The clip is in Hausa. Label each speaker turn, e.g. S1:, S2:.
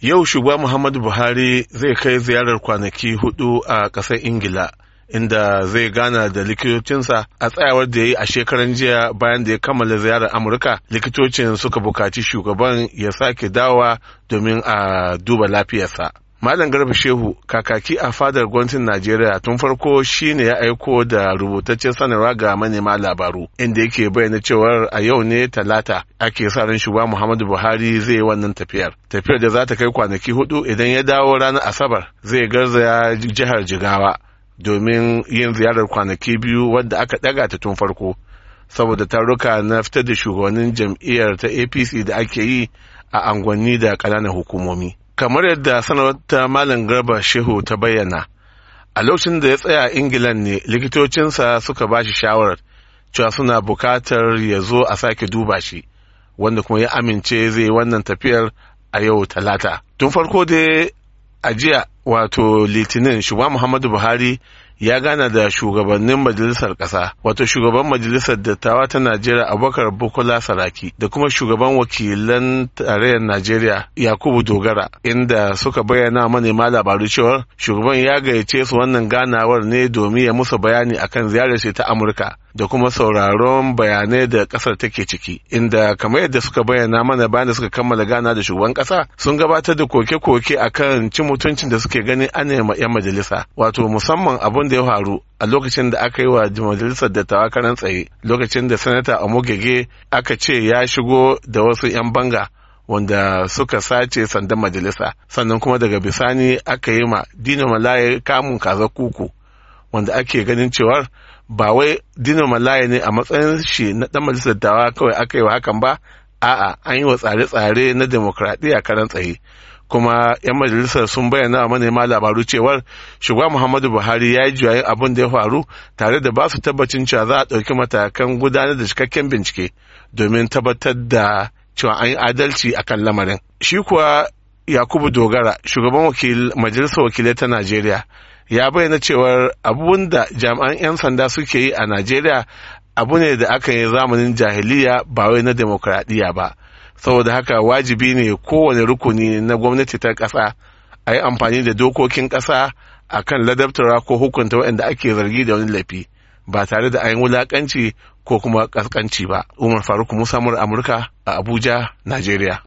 S1: Yau shugaba Muhammadu Buhari zai kai ziyarar kwanaki hudu a ƙasar Ingila, inda zai gana da likitocinsa a tsayawar da ya yi a shekaran jiya bayan da ya kammala ziyarar Amurka, likitocin suka bukaci shugaban ya sake dawa domin a duba lafiyarsa. Malam Garba Shehu kakaki a fadar gwamnatin Najeriya tun farko shine ya aiko da rubutaccen sanarwa ga manema labaru inda yake bayyana cewar a yau ne talata ake sa ran shugaba Muhammadu Buhari zai yi wannan tafiyar. Tafiyar da za ta kai kwanaki hudu idan ya dawo ranar Asabar zai garzaya jihar Jigawa domin yin ziyarar kwanaki biyu wadda aka daga ta tun farko saboda taruka na fitar da shugabannin jam'iyyar ta APC da ake yi a angwanni da ƙananan hukumomi. kamar yadda sanarwar ta malam garba shehu ta bayyana a lokacin da ya tsaya ingilan ne likitocinsa suka ba shi shawarar cewa suna bukatar ya zo a sake duba shi wanda kuma ya amince zai yi wannan tafiyar a yau talata tun farko dai a jiya wato litinin shugaba muhammadu buhari ya gana da shugabannin majalisar ƙasa wato shugaban majalisar dattawa ta najeriya abubakar bukola saraki da kuma shugaban wakilan tarayyar najeriya yakubu dogara inda suka bayyana manema labaru cewar shugaban ya gayyace su wannan ganawar ne domin ya musu bayani akan ziyarar ta amurka da kuma sauraron bayanai da kasar take ciki inda kamar yadda suka bayyana mana bayan da suka kammala gana da shugaban kasa sun gabatar da koke-koke akan ci mutuncin da suke ganin ana yan majalisa wato musamman abun da ya faru a lokacin da aka yi wa majalisar dattawa karan tsaye lokacin da sanata amogege aka ce ya shigo da wasu 'yan banga wanda suka sace sandan majalisa sannan kuma daga bisani aka yi ma dina malaye kamun kaza kuku wanda ake ganin cewar ba wai dino malaya ne a matsayin shi na dan majalisar dawa kawai aka yi wa hakan ba a'a an yi wa tsare-tsare na demokradiyya karan tsaye kuma 'yan majalisar sun bayyana wa manema labaru cewar shugaba muhammadu buhari ya yi juyayin abin da ya faru tare da ba su tabbacin cewa za a ɗauki matakan gudanar da cikakken bincike domin tabbatar da cewa an yi adalci a kan lamarin shi kuwa yakubu dogara shugaban majalisar wakilai ta najeriya ya bayyana cewar abubuwan da jami'an 'yan sanda suke yi a najeriya abu ne da aka yi zamanin jahiliya ba wai na demokradiyya ba saboda haka wajibi ne kowane rukuni na gwamnati ta ƙasa a yi amfani da dokokin ƙasa a kan ladabtara ko hukunta waɗanda ake zargi da wani laifi ba tare da ayin wulaƙanci ko kuma ƙasƙanci ba umar faruk musa amurka a abuja najeriya